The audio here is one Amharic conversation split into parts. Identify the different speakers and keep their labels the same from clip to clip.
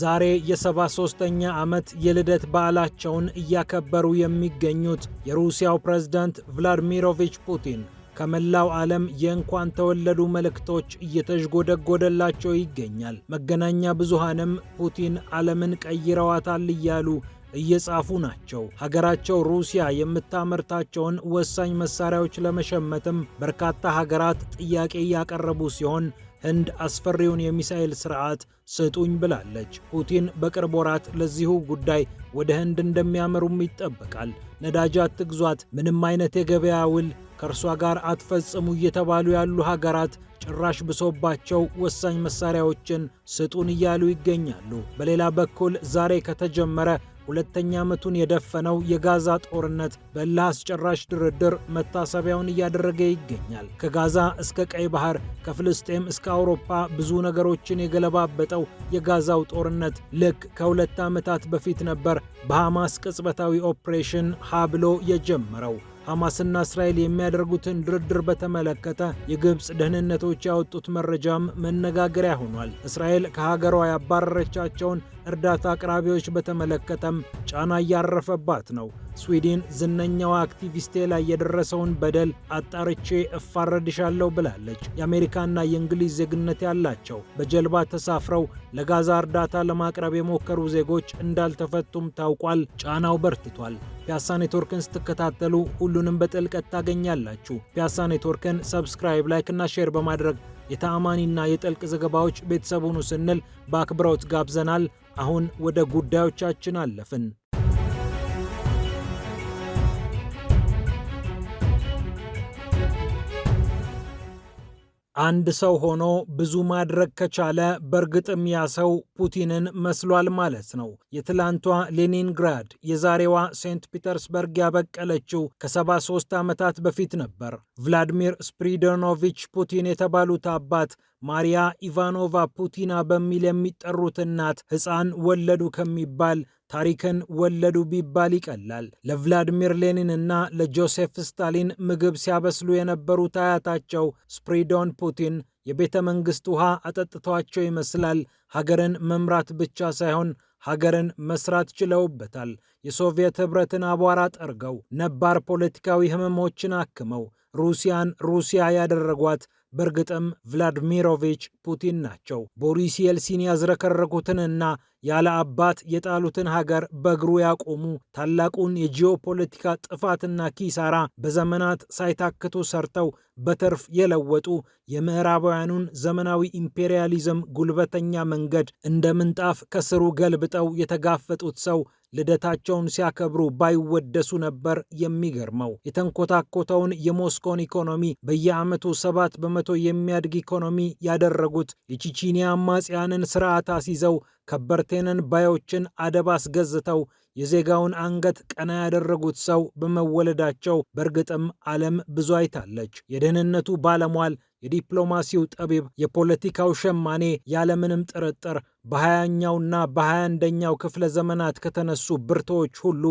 Speaker 1: ዛሬ የ73ኛ ዓመት የልደት በዓላቸውን እያከበሩ የሚገኙት የሩሲያው ፕሬዝዳንት ቭላድሚሮቪች ፑቲን ከመላው ዓለም የእንኳን ተወለዱ መልእክቶች እየተዥጎደጎደላቸው ይገኛል። መገናኛ ብዙሃንም ፑቲን ዓለምን ቀይረዋታል እያሉ እየጻፉ ናቸው። ሀገራቸው ሩሲያ የምታመርታቸውን ወሳኝ መሳሪያዎች ለመሸመትም በርካታ ሀገራት ጥያቄ እያቀረቡ ሲሆን ህንድ አስፈሪውን የሚሳኤል ስርዓት ስጡኝ ብላለች። ፑቲን በቅርብ ወራት ለዚሁ ጉዳይ ወደ ህንድ እንደሚያመሩም ይጠበቃል። ነዳጅ አትግዟት፣ ምንም አይነት የገበያ ውል ከእርሷ ጋር አትፈጽሙ እየተባሉ ያሉ ሀገራት ጭራሽ ብሶባቸው ወሳኝ መሳሪያዎችን ስጡን እያሉ ይገኛሉ። በሌላ በኩል ዛሬ ከተጀመረ ሁለተኛ ዓመቱን የደፈነው የጋዛ ጦርነት በእልህ አስጨራሽ ድርድር መታሰቢያውን እያደረገ ይገኛል። ከጋዛ እስከ ቀይ ባህር፣ ከፍልስጤም እስከ አውሮፓ ብዙ ነገሮችን የገለባበጠው የጋዛው ጦርነት ልክ ከሁለት ዓመታት በፊት ነበር በሐማስ ቅጽበታዊ ኦፕሬሽን ሀብሎ የጀመረው። ሐማስና እስራኤል የሚያደርጉትን ድርድር በተመለከተ የግብፅ ደህንነቶች ያወጡት መረጃም መነጋገሪያ ሆኗል። እስራኤል ከሀገሯ ያባረረቻቸውን እርዳታ አቅራቢዎች በተመለከተም ጫና እያረፈባት ነው። ስዊድን ዝነኛዋ አክቲቪስቴ ላይ የደረሰውን በደል አጣርቼ እፋረድሻለሁ ብላለች። የአሜሪካና የእንግሊዝ ዜግነት ያላቸው በጀልባ ተሳፍረው ለጋዛ እርዳታ ለማቅረብ የሞከሩ ዜጎች እንዳልተፈቱም ታውቋል። ጫናው በርትቷል። ፒያሳ ኔትወርክን ስትከታተሉ ሁሉንም በጥልቀት ታገኛላችሁ። ፒያሳ ኔትወርክን ሰብስክራይብ፣ ላይክ እና ሼር በማድረግ የተአማኒና የጥልቅ ዘገባዎች ቤተሰብ ሁኑ ስንል በአክብሮት ጋብዘናል። አሁን ወደ ጉዳዮቻችን አለፍን። አንድ ሰው ሆኖ ብዙ ማድረግ ከቻለ በእርግጥም ያ ሰው ፑቲንን መስሏል ማለት ነው። የትላንቷ ሌኒንግራድ የዛሬዋ ሴንት ፒተርስበርግ ያበቀለችው ከ73 ዓመታት በፊት ነበር። ቭላዲሚር ስፕሪዶኖቪች ፑቲን የተባሉት አባት ማሪያ ኢቫኖቫ ፑቲና በሚል የሚጠሩት እናት ሕፃን ወለዱ ከሚባል ታሪክን ወለዱ ቢባል ይቀላል። ለቭላድሚር ሌኒን እና ለጆሴፍ ስታሊን ምግብ ሲያበስሉ የነበሩት አያታቸው ስፕሪዶን ፑቲን የቤተ መንግሥት ውሃ አጠጥቷቸው ይመስላል ሀገርን መምራት ብቻ ሳይሆን ሀገርን መስራት ችለውበታል። የሶቪየት ኅብረትን አቧራ ጠርገው ነባር ፖለቲካዊ ህመሞችን አክመው ሩሲያን ሩሲያ ያደረጓት በእርግጥም ቭላድሚሮቪች ፑቲን ናቸው። ቦሪስ የልሲን ያዝረከረኩትንና ያለ አባት የጣሉትን ሀገር በእግሩ ያቆሙ ታላቁን የጂኦፖለቲካ ጥፋትና ኪሳራ በዘመናት ሳይታክቱ ሰርተው በትርፍ የለወጡ የምዕራባውያኑን ዘመናዊ ኢምፔሪያሊዝም ጉልበተኛ መንገድ እንደ ምንጣፍ ከስሩ ገልብጠው የተጋፈጡት ሰው ልደታቸውን ሲያከብሩ ባይወደሱ ነበር የሚገርመው። የተንኮታኮተውን የሞስኮን ኢኮኖሚ በየዓመቱ ሰባት በመቶ የሚያድግ ኢኮኖሚ ያደረጉት የቺቺኒያ አማጽያንን ስርዓት አስይዘው ከበርቴንን ባዮችን አደብ አስገዝተው የዜጋውን አንገት ቀና ያደረጉት ሰው በመወለዳቸው በእርግጥም ዓለም ብዙ አይታለች። የደህንነቱ ባለሟል፣ የዲፕሎማሲው ጠቢብ፣ የፖለቲካው ሸማኔ ያለምንም ጥርጥር በሀያኛውና በሀያ አንደኛው ክፍለ ዘመናት ከተነሱ ብርቶዎች ሁሉ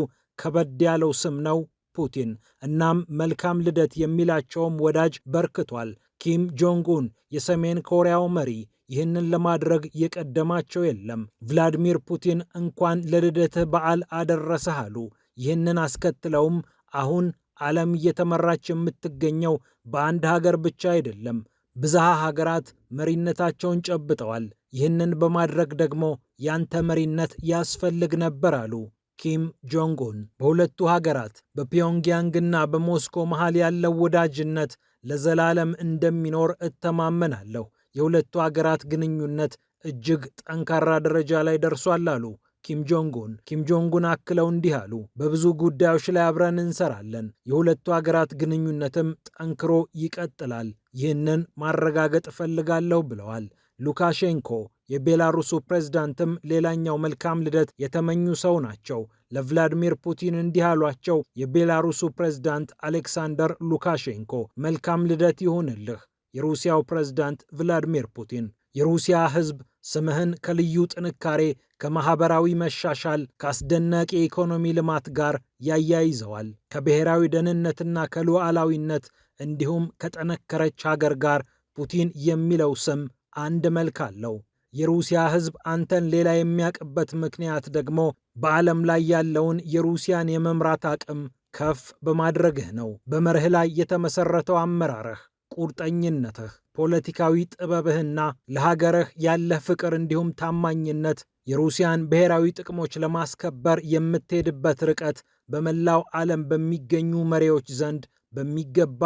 Speaker 1: ከበድ ያለው ስም ነው ፑቲን እናም መልካም ልደት የሚላቸውም ወዳጅ በርክቷል። ኪም ጆንግ ኡን የሰሜን ኮሪያው መሪ ይህንን ለማድረግ የቀደማቸው የለም። ቭላዲሚር ፑቲን እንኳን ለልደትህ በዓል አደረሰህ አሉ። ይህንን አስከትለውም አሁን ዓለም እየተመራች የምትገኘው በአንድ ሀገር ብቻ አይደለም። ብዝሃ ሀገራት መሪነታቸውን ጨብጠዋል። ይህንን በማድረግ ደግሞ ያንተ መሪነት ያስፈልግ ነበር አሉ። ኪም ጆንግ ኡን በሁለቱ ሀገራት በፒዮንግያንግና በሞስኮ መሃል ያለው ወዳጅነት ለዘላለም እንደሚኖር እተማመናለሁ። የሁለቱ ሀገራት ግንኙነት እጅግ ጠንካራ ደረጃ ላይ ደርሷል አሉ ኪም ጆንግ ኡን። ኪም ጆንግ ኡን አክለው እንዲህ አሉ፣ በብዙ ጉዳዮች ላይ አብረን እንሰራለን። የሁለቱ ሀገራት ግንኙነትም ጠንክሮ ይቀጥላል። ይህንን ማረጋገጥ እፈልጋለሁ ብለዋል። ሉካሼንኮ የቤላሩሱ ፕሬዝዳንትም ሌላኛው መልካም ልደት የተመኙ ሰው ናቸው። ለቭላዲሚር ፑቲን እንዲህ አሏቸው። የቤላሩሱ ፕሬዝዳንት አሌክሳንደር ሉካሼንኮ መልካም ልደት ይሁንልህ። የሩሲያው ፕሬዝዳንት ቭላዲሚር ፑቲን የሩሲያ ሕዝብ ስምህን ከልዩ ጥንካሬ፣ ከማኅበራዊ መሻሻል፣ ከአስደናቂ የኢኮኖሚ ልማት ጋር ያያይዘዋል። ከብሔራዊ ደህንነትና ከሉዓላዊነት እንዲሁም ከጠነከረች ሀገር ጋር ፑቲን የሚለው ስም አንድ መልክ አለው። የሩሲያ ህዝብ አንተን ሌላ የሚያውቅበት ምክንያት ደግሞ በዓለም ላይ ያለውን የሩሲያን የመምራት አቅም ከፍ በማድረግህ ነው። በመርህ ላይ የተመሠረተው አመራርህ፣ ቁርጠኝነትህ፣ ፖለቲካዊ ጥበብህና ለሀገርህ ያለህ ፍቅር እንዲሁም ታማኝነት የሩሲያን ብሔራዊ ጥቅሞች ለማስከበር የምትሄድበት ርቀት በመላው ዓለም በሚገኙ መሪዎች ዘንድ በሚገባ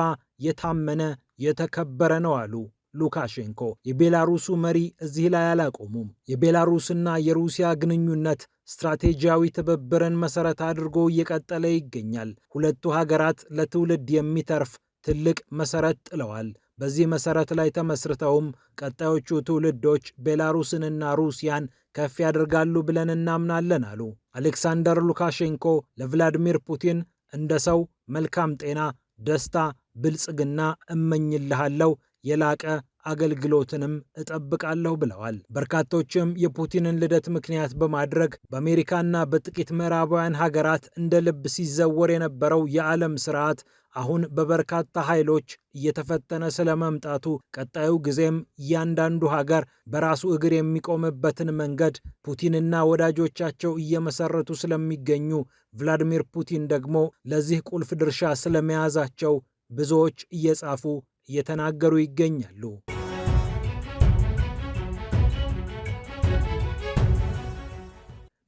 Speaker 1: የታመነ የተከበረ ነው አሉ። ሉካሼንኮ። የቤላሩሱ መሪ እዚህ ላይ አላቆሙም። የቤላሩስና የሩሲያ ግንኙነት ስትራቴጂያዊ ትብብርን መሰረት አድርጎ እየቀጠለ ይገኛል። ሁለቱ ሀገራት ለትውልድ የሚተርፍ ትልቅ መሰረት ጥለዋል። በዚህ መሰረት ላይ ተመስርተውም ቀጣዮቹ ትውልዶች ቤላሩስንና ሩሲያን ከፍ ያደርጋሉ ብለን እናምናለን አሉ አሌክሳንደር ሉካሼንኮ። ለቭላዲሚር ፑቲን እንደ ሰው መልካም ጤና፣ ደስታ፣ ብልጽግና እመኝልሃለሁ የላቀ አገልግሎትንም እጠብቃለሁ ብለዋል። በርካቶችም የፑቲንን ልደት ምክንያት በማድረግ በአሜሪካና በጥቂት ምዕራባውያን ሀገራት እንደ ልብ ሲዘወር የነበረው የዓለም ስርዓት አሁን በበርካታ ኃይሎች እየተፈተነ ስለመምጣቱ ቀጣዩ ጊዜም እያንዳንዱ ሀገር በራሱ እግር የሚቆምበትን መንገድ ፑቲንና ወዳጆቻቸው እየመሰረቱ ስለሚገኙ ቭላዲሚር ፑቲን ደግሞ ለዚህ ቁልፍ ድርሻ ስለመያዛቸው ብዙዎች እየጻፉ እየተናገሩ ይገኛሉ።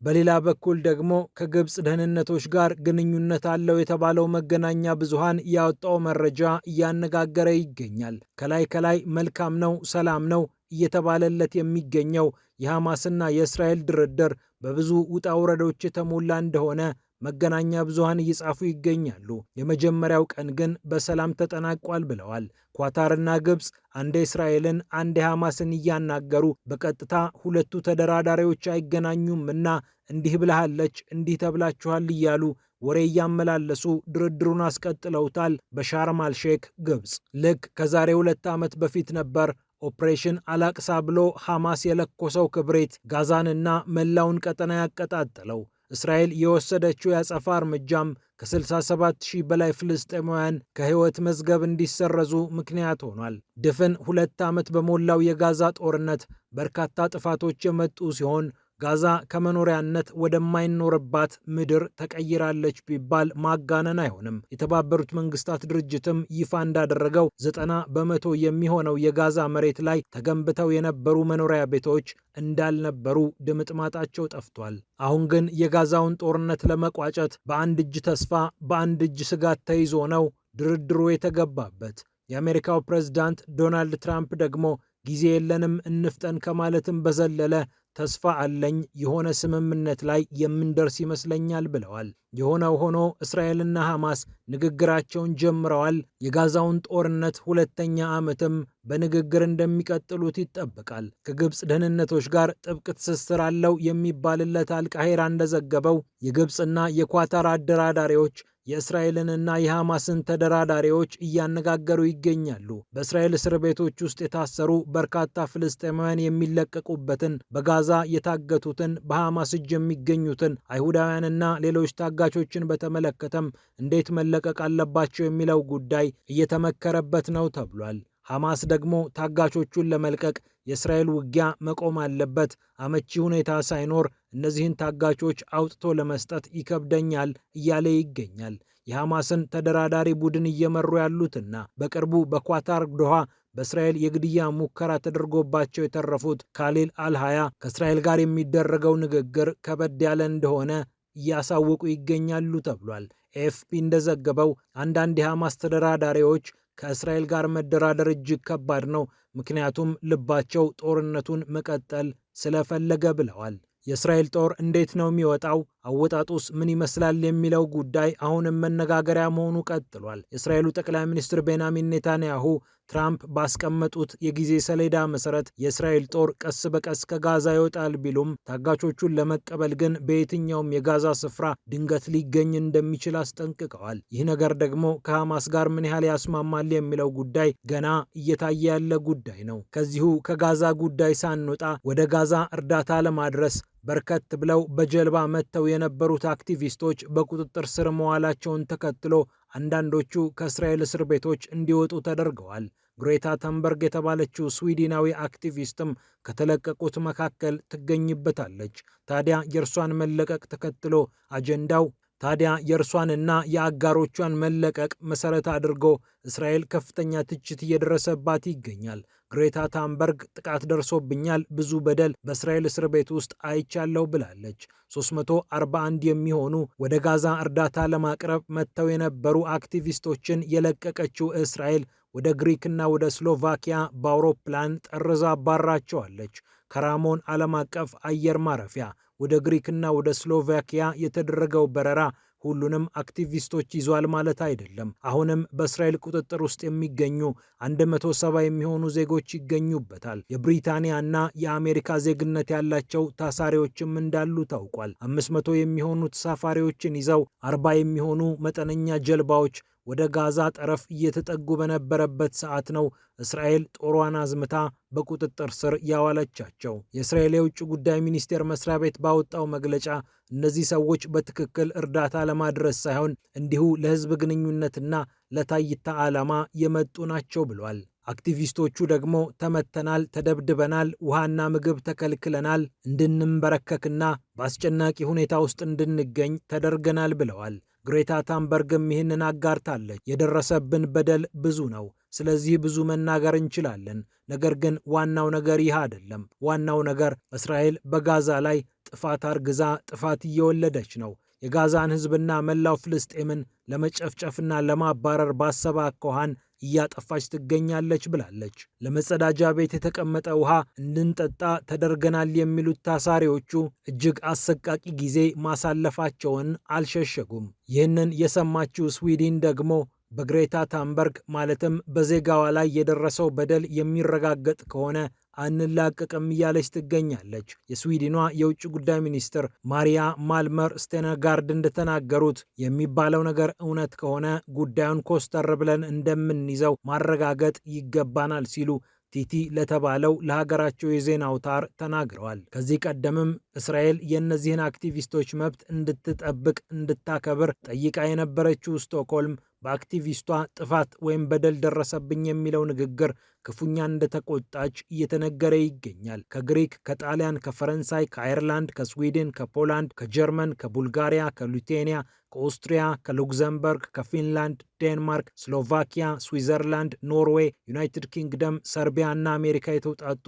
Speaker 1: በሌላ በኩል ደግሞ ከግብፅ ደህንነቶች ጋር ግንኙነት አለው የተባለው መገናኛ ብዙሃን ያወጣው መረጃ እያነጋገረ ይገኛል። ከላይ ከላይ መልካም ነው፣ ሰላም ነው እየተባለለት የሚገኘው የሐማስና የእስራኤል ድርድር በብዙ ውጣ ውረዶች የተሞላ እንደሆነ መገናኛ ብዙሃን እየጻፉ ይገኛሉ። የመጀመሪያው ቀን ግን በሰላም ተጠናቋል ብለዋል። ኳታርና ግብፅ አንዴ እስራኤልን አንዴ ሐማስን እያናገሩ በቀጥታ ሁለቱ ተደራዳሪዎች አይገናኙም እና እንዲህ ብልሃለች እንዲህ ተብላችኋል እያሉ ወሬ እያመላለሱ ድርድሩን አስቀጥለውታል። በሻርም አልሼክ ግብፅ ልክ ከዛሬ ሁለት ዓመት በፊት ነበር ኦፕሬሽን አላቅሳ ብሎ ሐማስ የለኮሰው ክብሪት ጋዛንና መላውን ቀጠና ያቀጣጠለው። እስራኤል የወሰደችው የአጸፋ እርምጃም ከ67 ሺህ በላይ ፍልስጤማውያን ከሕይወት መዝገብ እንዲሰረዙ ምክንያት ሆኗል። ድፍን ሁለት ዓመት በሞላው የጋዛ ጦርነት በርካታ ጥፋቶች የመጡ ሲሆን ጋዛ ከመኖሪያነት ወደማይኖርባት ምድር ተቀይራለች ቢባል ማጋነን አይሆንም። የተባበሩት መንግስታት ድርጅትም ይፋ እንዳደረገው ዘጠና በመቶ የሚሆነው የጋዛ መሬት ላይ ተገንብተው የነበሩ መኖሪያ ቤቶች እንዳልነበሩ ድምጥማጣቸው ጠፍቷል። አሁን ግን የጋዛውን ጦርነት ለመቋጨት በአንድ እጅ ተስፋ፣ በአንድ እጅ ስጋት ተይዞ ነው ድርድሩ የተገባበት። የአሜሪካው ፕሬዝዳንት ዶናልድ ትራምፕ ደግሞ ጊዜ የለንም እንፍጠን ከማለትም በዘለለ ተስፋ አለኝ የሆነ ስምምነት ላይ የምንደርስ ይመስለኛል ብለዋል። የሆነው ሆኖ እስራኤልና ሐማስ ንግግራቸውን ጀምረዋል። የጋዛውን ጦርነት ሁለተኛ ዓመትም በንግግር እንደሚቀጥሉት ይጠበቃል። ከግብፅ ደህንነቶች ጋር ጥብቅ ትስስር አለው የሚባልለት አልቃሄራ እንደዘገበው የግብፅና የኳታር አደራዳሪዎች የእስራኤልንና የሐማስን ተደራዳሪዎች እያነጋገሩ ይገኛሉ። በእስራኤል እስር ቤቶች ውስጥ የታሰሩ በርካታ ፍልስጤማውያን የሚለቀቁበትን፣ በጋዛ የታገቱትን፣ በሐማስ እጅ የሚገኙትን አይሁዳውያንና ሌሎች ታጋቾችን በተመለከተም እንዴት መለቀቅ አለባቸው የሚለው ጉዳይ እየተመከረበት ነው ተብሏል። ሐማስ ደግሞ ታጋቾቹን ለመልቀቅ የእስራኤል ውጊያ መቆም አለበት፣ አመቺ ሁኔታ ሳይኖር እነዚህን ታጋቾች አውጥቶ ለመስጠት ይከብደኛል እያለ ይገኛል። የሐማስን ተደራዳሪ ቡድን እየመሩ ያሉትና በቅርቡ በኳታር ዶሃ በእስራኤል የግድያ ሙከራ ተደርጎባቸው የተረፉት ካሊል አልሃያ ከእስራኤል ጋር የሚደረገው ንግግር ከበድ ያለ እንደሆነ እያሳወቁ ይገኛሉ ተብሏል። ኤፍፒ እንደዘገበው አንዳንድ የሐማስ ተደራዳሪዎች ከእስራኤል ጋር መደራደር እጅግ ከባድ ነው፣ ምክንያቱም ልባቸው ጦርነቱን መቀጠል ስለፈለገ ብለዋል። የእስራኤል ጦር እንዴት ነው የሚወጣው? አወጣጡስ ምን ይመስላል? የሚለው ጉዳይ አሁንም መነጋገሪያ መሆኑ ቀጥሏል። የእስራኤሉ ጠቅላይ ሚኒስትር ቤንያሚን ኔታንያሁ ትራምፕ ባስቀመጡት የጊዜ ሰሌዳ መሰረት የእስራኤል ጦር ቀስ በቀስ ከጋዛ ይወጣል ቢሉም ታጋቾቹን ለመቀበል ግን በየትኛውም የጋዛ ስፍራ ድንገት ሊገኝ እንደሚችል አስጠንቅቀዋል። ይህ ነገር ደግሞ ከሐማስ ጋር ምን ያህል ያስማማል የሚለው ጉዳይ ገና እየታየ ያለ ጉዳይ ነው። ከዚሁ ከጋዛ ጉዳይ ሳንወጣ ወደ ጋዛ እርዳታ ለማድረስ በርከት ብለው በጀልባ መጥተው የነበሩት አክቲቪስቶች በቁጥጥር ስር መዋላቸውን ተከትሎ አንዳንዶቹ ከእስራኤል እስር ቤቶች እንዲወጡ ተደርገዋል። ግሬታ ተንበርግ የተባለችው ስዊድናዊ አክቲቪስትም ከተለቀቁት መካከል ትገኝበታለች። ታዲያ የእርሷን መለቀቅ ተከትሎ አጀንዳው ታዲያ የእርሷንና የአጋሮቿን መለቀቅ መሰረት አድርጎ እስራኤል ከፍተኛ ትችት እየደረሰባት ይገኛል። ግሬታ ታምበርግ ጥቃት ደርሶብኛል፣ ብዙ በደል በእስራኤል እስር ቤት ውስጥ አይቻለሁ ብላለች። 341 የሚሆኑ ወደ ጋዛ እርዳታ ለማቅረብ መጥተው የነበሩ አክቲቪስቶችን የለቀቀችው እስራኤል ወደ ግሪክና ወደ ስሎቫኪያ በአውሮፕላን ጠርዛ አባራቸዋለች። ከራሞን ዓለም አቀፍ አየር ማረፊያ ወደ ግሪክና ወደ ስሎቫኪያ የተደረገው በረራ ሁሉንም አክቲቪስቶች ይዟል ማለት አይደለም። አሁንም በእስራኤል ቁጥጥር ውስጥ የሚገኙ 170 የሚሆኑ ዜጎች ይገኙበታል። የብሪታንያና የአሜሪካ ዜግነት ያላቸው ታሳሪዎችም እንዳሉ ታውቋል። 500 የሚሆኑ ተሳፋሪዎችን ይዘው 40 የሚሆኑ መጠነኛ ጀልባዎች ወደ ጋዛ ጠረፍ እየተጠጉ በነበረበት ሰዓት ነው እስራኤል ጦሯን አዝምታ በቁጥጥር ስር ያዋለቻቸው። የእስራኤል የውጭ ጉዳይ ሚኒስቴር መስሪያ ቤት ባወጣው መግለጫ እነዚህ ሰዎች በትክክል እርዳታ ለማድረስ ሳይሆን እንዲሁ ለሕዝብ ግንኙነትና ለታይታ ዓላማ የመጡ ናቸው ብሏል። አክቲቪስቶቹ ደግሞ ተመተናል፣ ተደብድበናል፣ ውሃና ምግብ ተከልክለናል፣ እንድንንበረከክና በአስጨናቂ ሁኔታ ውስጥ እንድንገኝ ተደርገናል ብለዋል። ግሬታ ታምበርግም ይህንን አጋርታለች። የደረሰብን በደል ብዙ ነው። ስለዚህ ብዙ መናገር እንችላለን። ነገር ግን ዋናው ነገር ይህ አይደለም። ዋናው ነገር እስራኤል በጋዛ ላይ ጥፋት አርግዛ ጥፋት እየወለደች ነው። የጋዛን ሕዝብና መላው ፍልስጤምን ለመጨፍጨፍና ለማባረር ባሰበ አኳኋን እያጠፋች ትገኛለች ብላለች። ለመጸዳጃ ቤት የተቀመጠ ውሃ እንድንጠጣ ተደርገናል የሚሉት ታሳሪዎቹ እጅግ አሰቃቂ ጊዜ ማሳለፋቸውን አልሸሸጉም። ይህንን የሰማችው ስዊድን ደግሞ በግሬታ ታምበርግ ማለትም በዜጋዋ ላይ የደረሰው በደል የሚረጋገጥ ከሆነ አንላቀቅም እያለች ትገኛለች። የስዊድኗ የውጭ ጉዳይ ሚኒስትር ማሪያ ማልመር ስቴነጋርድ እንደተናገሩት የሚባለው ነገር እውነት ከሆነ ጉዳዩን ኮስተር ብለን እንደምንይዘው ማረጋገጥ ይገባናል ሲሉ ቲቲ ለተባለው ለሀገራቸው የዜና አውታር ተናግረዋል። ከዚህ ቀደምም እስራኤል የእነዚህን አክቲቪስቶች መብት እንድትጠብቅ እንድታከብር ጠይቃ የነበረችው ስቶክሆልም በአክቲቪስቷ ጥፋት ወይም በደል ደረሰብኝ የሚለው ንግግር ክፉኛ እንደተቆጣች እየተነገረ ይገኛል። ከግሪክ፣ ከጣሊያን፣ ከፈረንሳይ፣ ከአየርላንድ፣ ከስዊድን፣ ከፖላንድ፣ ከጀርመን፣ ከቡልጋሪያ፣ ከሊቱዌኒያ፣ ከኦስትሪያ፣ ከሉክዘምበርግ፣ ከፊንላንድ፣ ዴንማርክ፣ ስሎቫኪያ፣ ስዊዘርላንድ፣ ኖርዌይ፣ ዩናይትድ ኪንግደም፣ ሰርቢያ እና አሜሪካ የተውጣጡ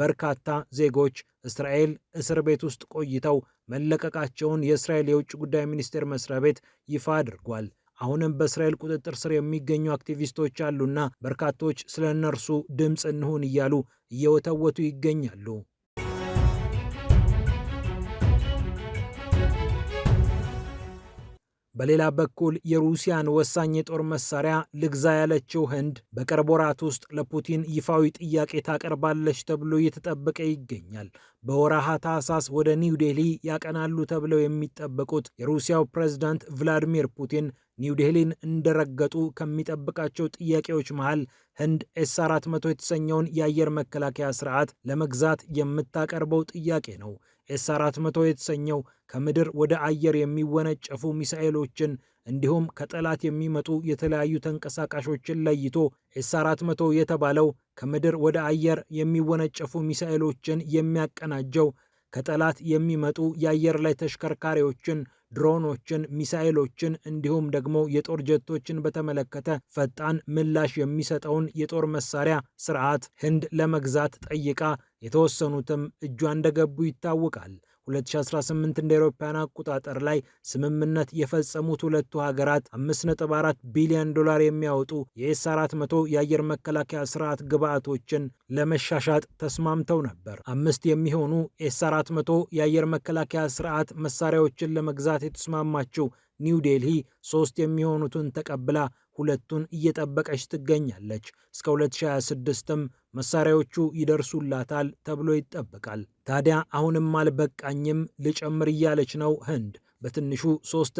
Speaker 1: በርካታ ዜጎች እስራኤል እስር ቤት ውስጥ ቆይተው መለቀቃቸውን የእስራኤል የውጭ ጉዳይ ሚኒስቴር መስሪያ ቤት ይፋ አድርጓል። አሁንም በእስራኤል ቁጥጥር ስር የሚገኙ አክቲቪስቶች አሉና በርካቶች ስለ እነርሱ ድምፅ እንሁን እያሉ እየወተወቱ ይገኛሉ። በሌላ በኩል የሩሲያን ወሳኝ የጦር መሳሪያ ልግዛ ያለችው ህንድ በቅርብ ወራት ውስጥ ለፑቲን ይፋዊ ጥያቄ ታቀርባለች ተብሎ እየተጠበቀ ይገኛል። በወረሃ ታህሳስ ወደ ኒው ዴሊ ያቀናሉ ተብለው የሚጠበቁት የሩሲያው ፕሬዝዳንት ቭላዲሚር ፑቲን ኒው ዴሊን እንደረገጡ ከሚጠብቃቸው ጥያቄዎች መሃል ህንድ ኤስ 400 የተሰኘውን የአየር መከላከያ ስርዓት ለመግዛት የምታቀርበው ጥያቄ ነው። ኤስ 400 የተሰኘው ከምድር ወደ አየር የሚወነጨፉ ሚሳኤሎችን እንዲሁም ከጠላት የሚመጡ የተለያዩ ተንቀሳቃሾችን ለይቶ ኤስ 400 የተባለው ከምድር ወደ አየር የሚወነጨፉ ሚሳኤሎችን የሚያቀናጀው ከጠላት የሚመጡ የአየር ላይ ተሽከርካሪዎችን፣ ድሮኖችን፣ ሚሳኤሎችን እንዲሁም ደግሞ የጦር ጀቶችን በተመለከተ ፈጣን ምላሽ የሚሰጠውን የጦር መሳሪያ ስርዓት ህንድ ለመግዛት ጠይቃ የተወሰኑትም እጇ እንደገቡ ይታወቃል። 2018 እንደ አውሮፓውያን አቆጣጠር ላይ ስምምነት የፈጸሙት ሁለቱ ሀገራት 5.4 ቢሊዮን ዶላር የሚያወጡ የኤስ 400 የአየር መከላከያ ስርዓት ግብዓቶችን ለመሻሻጥ ተስማምተው ነበር። አምስት የሚሆኑ ኤስ 400 የአየር መከላከያ ስርዓት መሳሪያዎችን ለመግዛት የተስማማችው ኒው ዴልሂ ሶስት የሚሆኑትን ተቀብላ ሁለቱን እየጠበቀች ትገኛለች። እስከ 2026ም መሳሪያዎቹ ይደርሱላታል ተብሎ ይጠበቃል። ታዲያ አሁንም አልበቃኝም ልጨምር እያለች ነው ህንድ። በትንሹ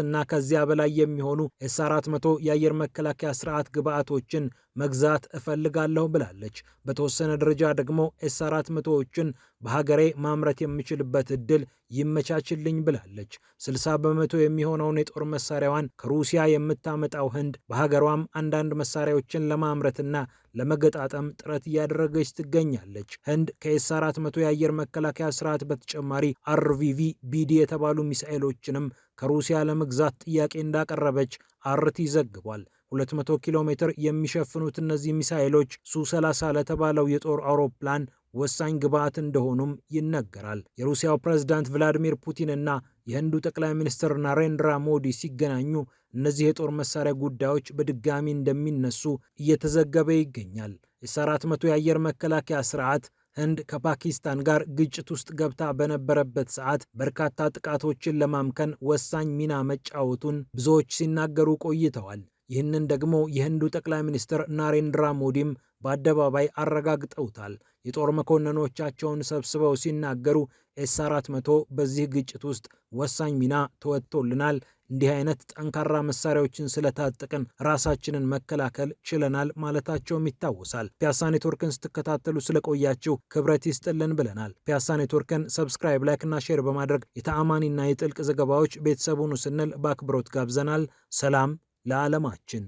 Speaker 1: እና ከዚያ በላይ የሚሆኑ ኤስ 400 የአየር መከላከያ ስርዓት ግብዓቶችን መግዛት እፈልጋለሁ ብላለች። በተወሰነ ደረጃ ደግሞ ኤስ 400ዎችን በሀገሬ ማምረት የምችልበት እድል ይመቻችልኝ ብላለች። 60 በመቶ የሚሆነውን የጦር መሳሪያዋን ከሩሲያ የምታመጣው ህንድ በሀገሯም አንዳንድ መሳሪያዎችን ለማምረትና ለመገጣጠም ጥረት እያደረገች ትገኛለች። ህንድ ከኤስ 400 የአየር መከላከያ ስርዓት በተጨማሪ አርቪቪ ቢዲ የተባሉ ሚሳኤሎችንም ከሩሲያ ለመግዛት ጥያቄ እንዳቀረበች አርቲ ዘግቧል። 200 ኪሎ ሜትር የሚሸፍኑት እነዚህ ሚሳኤሎች ሱ30 ለተባለው የጦር አውሮፕላን ወሳኝ ግብዓት እንደሆኑም ይነገራል። የሩሲያው ፕሬዝዳንት ቭላዲሚር ፑቲንና የህንዱ ጠቅላይ ሚኒስትር ናሬንድራ ሞዲ ሲገናኙ እነዚህ የጦር መሳሪያ ጉዳዮች በድጋሚ እንደሚነሱ እየተዘገበ ይገኛል። ኤስ 400 የአየር መከላከያ ስርዓት ህንድ ከፓኪስታን ጋር ግጭት ውስጥ ገብታ በነበረበት ሰዓት በርካታ ጥቃቶችን ለማምከን ወሳኝ ሚና መጫወቱን ብዙዎች ሲናገሩ ቆይተዋል። ይህንን ደግሞ የህንዱ ጠቅላይ ሚኒስትር ናሬንድራ ሞዲም በአደባባይ አረጋግጠውታል። የጦር መኮንኖቻቸውን ሰብስበው ሲናገሩ ኤስ 400 በዚህ ግጭት ውስጥ ወሳኝ ሚና ተወጥቶልናል እንዲህ አይነት ጠንካራ መሳሪያዎችን ስለታጠቅን ራሳችንን መከላከል ችለናል ማለታቸውም ይታወሳል። ፒያሳ ኔትወርክን ስትከታተሉ ስለቆያችሁ ክብረት ይስጥልን ብለናል። ፒያሳ ኔትወርክን ሰብስክራይብ፣ ላይክና ሼር በማድረግ የተአማኒና የጥልቅ ዘገባዎች ቤተሰቡን ስንል በአክብሮት ጋብዘናል። ሰላም ለዓለማችን።